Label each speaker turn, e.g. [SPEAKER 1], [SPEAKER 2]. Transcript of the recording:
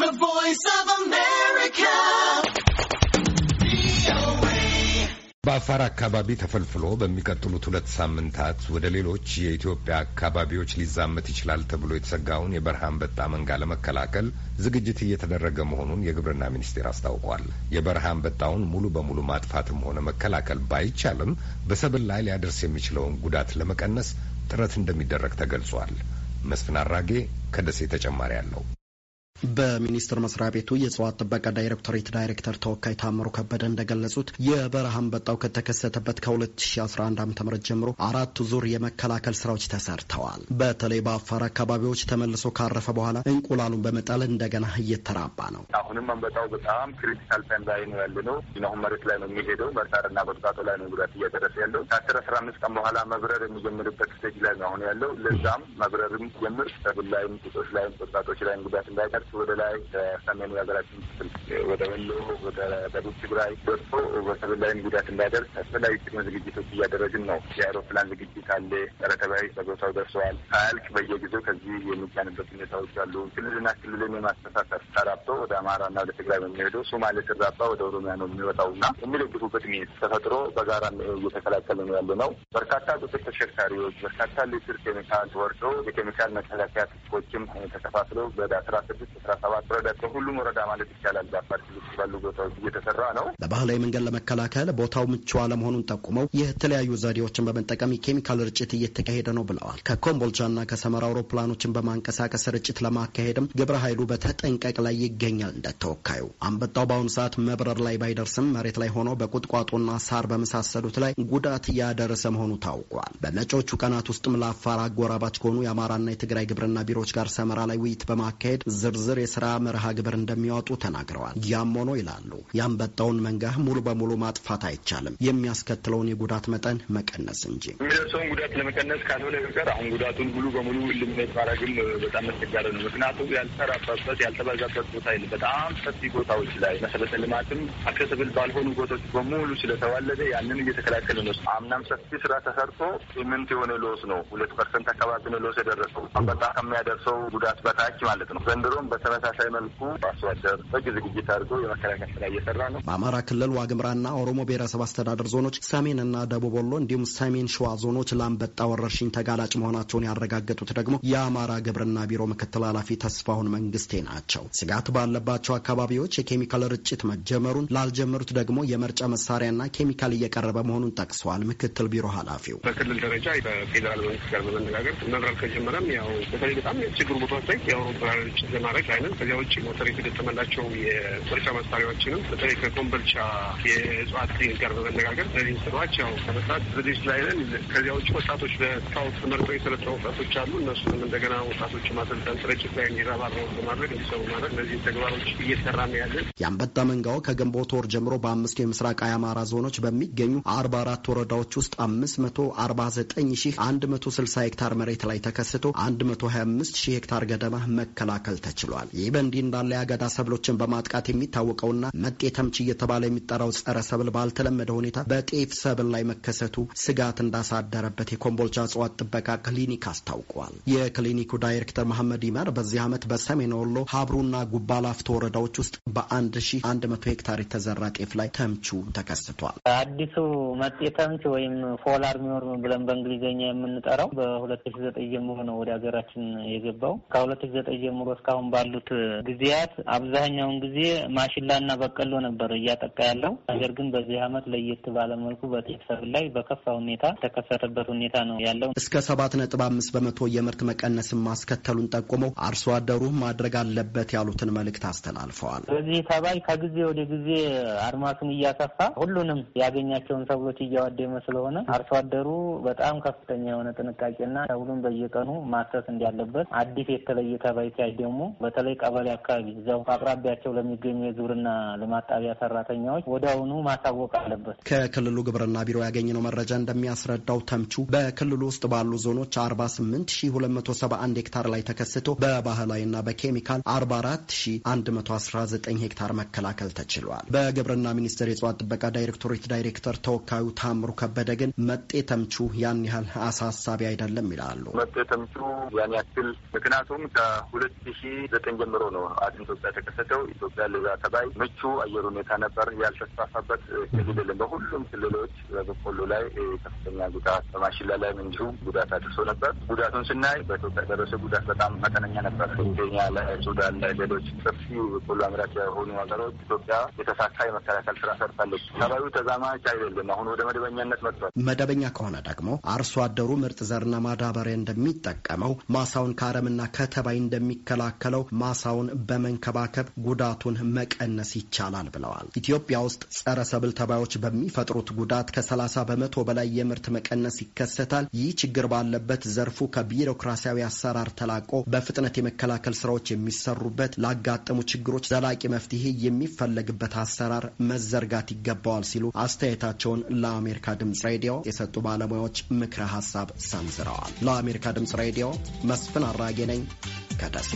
[SPEAKER 1] The Voice of America.
[SPEAKER 2] በአፋር አካባቢ ተፈልፍሎ በሚቀጥሉት ሁለት ሳምንታት ወደ ሌሎች የኢትዮጵያ አካባቢዎች ሊዛመት ይችላል ተብሎ የተሰጋውን የበረሃ አንበጣ መንጋ ለመከላከል ዝግጅት እየተደረገ መሆኑን የግብርና ሚኒስቴር አስታውቋል። የበረሃ አንበጣውን ሙሉ በሙሉ ማጥፋትም ሆነ መከላከል ባይቻልም በሰብል ላይ ሊያደርስ የሚችለውን ጉዳት ለመቀነስ ጥረት እንደሚደረግ ተገልጿል። መስፍን አራጌ ከደሴ ተጨማሪ አለው።
[SPEAKER 1] በሚኒስቴር መስሪያ ቤቱ የእጽዋት ጥበቃ ዳይሬክቶሬት ዳይሬክተር ተወካይ ታምሩ ከበደ እንደገለጹት የበረሃ አንበጣው ከተከሰተበት ከ2011 ዓ ም ጀምሮ አራት ዙር የመከላከል ስራዎች ተሰርተዋል። በተለይ በአፋር አካባቢዎች ተመልሶ ካረፈ በኋላ እንቁላሉን በመጣል እንደገና እየተራባ ነው።
[SPEAKER 2] አሁንም አንበጣው በጣም ክሪቲካል ታይም ላይ ነው ያለ ነው። አሁን መሬት ላይ ነው የሚሄደው። መርሳርና በጥቃቱ ላይ ነው ጉዳት እያደረሰ ያለው። ከአስር አስራ አምስት ቀን በኋላ መብረር የሚጀምርበት ስቴጅ ላይ ነው አሁን ያለው። ለዛም መብረርም ጀምር ሰብል ላይም ቁጦች ላይም ጥቃቶች ላይም ጉዳት እንዳይደርስ ወደ ላይ ሰሜኑ የሀገራችን ክፍል ወደ ወሎ፣ ወደ ደቡብ ትግራይ ወጥቶ በሰብል ላይም ጉዳት እንዳይደርስ አስፈላጊ ቅድመ ዝግጅቶች እያደረግን ነው። የአይሮፕላን ዝግጅት አለ። ጸረ ተባይ በቦታው ደርሰዋል። አያልቅ በየጊዜው ከዚህ የሚጫንበት ሁኔታዎች አሉ። ክልልና ክልልን የማስተሳሰር ተራብቶ ወደ አማራና ወደ ትግራይ የሚሄደው ሶማሌ ትራባ ወደ ኦሮሚያ ነው የሚወጣው እና የሚደግፉበት ሚስ ተፈጥሮ በጋራ እየተከላከለ ነው ያለ ነው። በርካታ ቁጥር ተሽከርካሪዎች በርካታ ሊትር ኬሚካል ወርዶ የኬሚካል መከላከያ ትጥቆችም ተከፋፍለው በአስራ ስድስት አስራ ሰባት ወረዳ ሁሉም ወረዳ ማለት ይቻላል በአፋር ክልል ባሉ ቦታዎች እየተሰራ ነው።
[SPEAKER 1] በባህላዊ መንገድ ለመከላከል ቦታው ምቹ አለመሆኑን ጠቁመው የተለያዩ ዘዴዎችን በመጠቀም የኬሚካል ርጭት እየተካሄደ ነው ብለዋል። ከኮምቦልቻና ከሰመራ አውሮፕላኖችን በማንቀሳቀስ ርጭት ለማካሄድም ግብረ ኃይሉ በተጠንቀቅ ላይ ይገኛል። እንደተወካዩ አንበጣው በአሁኑ ሰዓት መብረር ላይ ባይደርስም መሬት ላይ ሆኖ በቁጥቋጦና ሳር በመሳሰሉት ላይ ጉዳት ያደረሰ መሆኑ ታውቋል። በመጪዎቹ ቀናት ውስጥም ለአፋር አጎራባች ከሆኑ የአማራና የትግራይ ግብርና ቢሮዎች ጋር ሰመራ ላይ ውይይት በማካሄድ ዝርዝር ዝርዝር የስራ መርሃ ግብር እንደሚያወጡ ተናግረዋል። ያም ሆኖ ይላሉ ያንበጣውን መንጋ ሙሉ በሙሉ ማጥፋት አይቻልም፣ የሚያስከትለውን የጉዳት መጠን መቀነስ እንጂ
[SPEAKER 2] የሚደርሰውን ጉዳት ለመቀነስ ካልሆነ በቀር አሁን ጉዳቱን ሙሉ በሙሉ ልምነት ማድረግም በጣም አስቸጋሪ ነው። ምክንያቱም ያልተራባበት ያልተባዛበት ቦታ የለም። በጣም ሰፊ ቦታዎች ላይ መሰረተ ልማትም አክሰስብል ባልሆኑ ቦታዎች በሙሉ ስለተዋለደ ያንን እየተከላከለ ነው። አምናም ሰፊ ስራ ተሰርቶ ምንት የሆነ ሎስ ነው። ሁለት ፐርሰንት አካባቢ ነው ሎስ የደረሰው አንበጣ ከሚያደርሰው ጉዳት በታች ማለት ነው። ዘንድሮም በተመሳሳይ መልኩ አስተዳደር አደር ዝግጅት አድርጎ የመከላከል ስራ እየሰራ ነው።
[SPEAKER 1] በአማራ ክልል ዋግምራና ኦሮሞ ብሔረሰብ አስተዳደር ዞኖች፣ ሰሜንና ደቡብ ወሎ እንዲሁም ሰሜን ሸዋ ዞኖች ለአንበጣ ወረርሽኝ ተጋላጭ መሆናቸውን ያረጋገጡት ደግሞ የአማራ ግብርና ቢሮ ምክትል ኃላፊ ተስፋሁን መንግስቴ ናቸው። ስጋት ባለባቸው አካባቢዎች የኬሚካል ርጭት መጀመሩን ላልጀመሩት ደግሞ የመርጫ መሳሪያና ኬሚካል እየቀረበ መሆኑን ጠቅሰዋል። ምክትል ቢሮ ኃላፊው
[SPEAKER 2] በክልል ደረጃ በፌዴራል መንግስት ጋር በመነጋገር መብራት ከጀመረም ያው በተለይ በጣም ችግሩ ቦታዎች ላይ የአውሮፕላን ርጭት ለማድረግ ተጠቃሚዎች ሳይንም ከዚያ ውጭ ሞተር የተገጠመላቸው የፖሊሳ መሳሪያዎችንም በተለይ ከኮምቦልቻ የእጽዋት ክሊኒክ ጋር በመነጋገር እነዚህ ስራዎች ያው ከመስራት ዝግጅት ላይ ነን። ከዚያ ውጭ ወጣቶች በስካውት ተመርጠው የሰለጠኑ ወጣቶች አሉ። እነሱንም እንደገና ወጣቶች ማሰልጠን ስርጭት ላይ እንዲረባረቡ በማድረግ እንዲሰሩ ማድረግ እነዚህ
[SPEAKER 1] ተግባሮች እየሰራ ነው ያለን። የአንበጣ መንጋው ከግንቦት ወር ጀምሮ በአምስቱ የምስራቅ አማራ ዞኖች በሚገኙ አርባ አራት ወረዳዎች ውስጥ አምስት መቶ አርባ ዘጠኝ ሺህ አንድ መቶ ስልሳ ሄክታር መሬት ላይ ተከስቶ አንድ መቶ ሀያ አምስት ሺህ ሄክታር ገደማ መከላከል ተችሏል። ብሏል። ይህ በእንዲህ እንዳለ የአገዳ ሰብሎችን በማጥቃት የሚታወቀውና መጤ ተምች እየተባለ የሚጠራው ጸረ ሰብል ባልተለመደ ሁኔታ በጤፍ ሰብል ላይ መከሰቱ ስጋት እንዳሳደረበት የኮምቦልቻ እጽዋት ጥበቃ ክሊኒክ አስታውቋል። የክሊኒኩ ዳይሬክተር መሐመድ ይመር በዚህ ዓመት በሰሜን ወሎ ሀብሩና ጉባላፍቶ ወረዳዎች ውስጥ በ1100 ሄክታር የተዘራ ጤፍ ላይ ተምቹ ተከስቷል።
[SPEAKER 3] አዲሱ መጤ ተምች ወይም ፎል አርሚዎርም ብለን በእንግሊዝኛ የምንጠራው በ2009 ጀምሮ ነው ወደ ሀገራችን የገባው ከ2009 ጀምሮ እስካሁን ባሉት ጊዜያት አብዛኛውን ጊዜ ማሽላና በቀሎ ነበር እያጠቃ ያለው። ነገር ግን በዚህ አመት ለየት ባለመልኩ በጤፍ ሰብል ላይ በከፋ ሁኔታ የተከሰተበት ሁኔታ ነው ያለው።
[SPEAKER 1] እስከ ሰባት ነጥብ አምስት በመቶ የምርት መቀነስን ማስከተሉን ጠቁመው አርሶ አደሩ ማድረግ አለበት ያሉትን መልእክት አስተላልፈዋል።
[SPEAKER 3] በዚህ ተባይ ከጊዜ ወደ ጊዜ አድማሱን እያሰፋ ሁሉንም ያገኛቸውን ሰብሎች እያዋደመ ስለሆነ አርሶ አደሩ በጣም ከፍተኛ የሆነ ጥንቃቄና ሰብሉን በየቀኑ ማሰስ እንዳለበት አዲስ የተለየ ተባይ ሲያይ ደግሞ በተለይ ቀበሌ አካባቢ እዚያው አቅራቢያቸው ለሚገኙ የግብርና ልማት ጣቢያ ሰራተኛዎች ወዲያውኑ ማሳወቅ አለበት።
[SPEAKER 1] ከክልሉ ግብርና ቢሮ ያገኘነው መረጃ እንደሚያስረዳው ተምቹ በክልሉ ውስጥ ባሉ ዞኖች አርባ ስምንት ሺ ሁለት መቶ ሰባ አንድ ሄክታር ላይ ተከስቶ በባህላዊና በኬሚካል አርባ አራት ሺ አንድ መቶ አስራ ዘጠኝ ሄክታር መከላከል ተችሏል። በግብርና ሚኒስቴር የእጽዋት ጥበቃ ዳይሬክቶሬት ዳይሬክተር ተወካዩ ታምሩ ከበደ ግን መጤ ተምቹ ያን ያህል አሳሳቢ አይደለም ይላሉ።
[SPEAKER 2] መጤ ተምቹ ያን ያክል ምክንያቱም ከሁለት ሺ ዘጠኝ ጀምሮ ነው አድም ኢትዮጵያ የተከሰተው። ኢትዮጵያ ለዛ ተባይ ምቹ አየር ሁኔታ ነበር። ያልተስፋፋበት ክልል የለም። በሁሉም ክልሎች በበቆሎ ላይ ከፍተኛ ጉዳት፣ በማሽላ ላይም እንዲሁም ጉዳት አድርሶ ነበር። ጉዳቱን ስናይ በኢትዮጵያ ደረሰ ጉዳት በጣም መጠነኛ ነበር። ኬንያ ላይ፣ ሱዳን ላይ፣ ሌሎች ሰፊ በቆሎ አምራች የሆኑ ሀገሮች ኢትዮጵያ የተሳካ የመከላከል ስራ ሰርታለች። ተባዩ ተዛማች አይደለም። አሁን ወደ መደበኛነት መጥቷል።
[SPEAKER 1] መደበኛ ከሆነ ደግሞ አርሶ አደሩ ምርጥ ዘርና ማዳበሪያ እንደሚጠቀመው ማሳውን ከአረምና ከተባይ እንደሚከላከለው ማሳውን በመንከባከብ ጉዳቱን መቀነስ ይቻላል ብለዋል። ኢትዮጵያ ውስጥ ጸረ ሰብል ተባዮች በሚፈጥሩት ጉዳት ከ30 በመቶ በላይ የምርት መቀነስ ይከሰታል። ይህ ችግር ባለበት ዘርፉ ከቢሮክራሲያዊ አሰራር ተላቆ በፍጥነት የመከላከል ስራዎች የሚሰሩበት፣ ላጋጠሙ ችግሮች ዘላቂ መፍትሄ የሚፈለግበት አሰራር መዘርጋት ይገባዋል ሲሉ አስተያየታቸውን ለአሜሪካ ድምጽ ሬዲዮ የሰጡ ባለሙያዎች ምክረ ሀሳብ ሰንዝረዋል። ለአሜሪካ ድምጽ ሬዲዮ መስፍን አራጌ ነኝ ከደሴ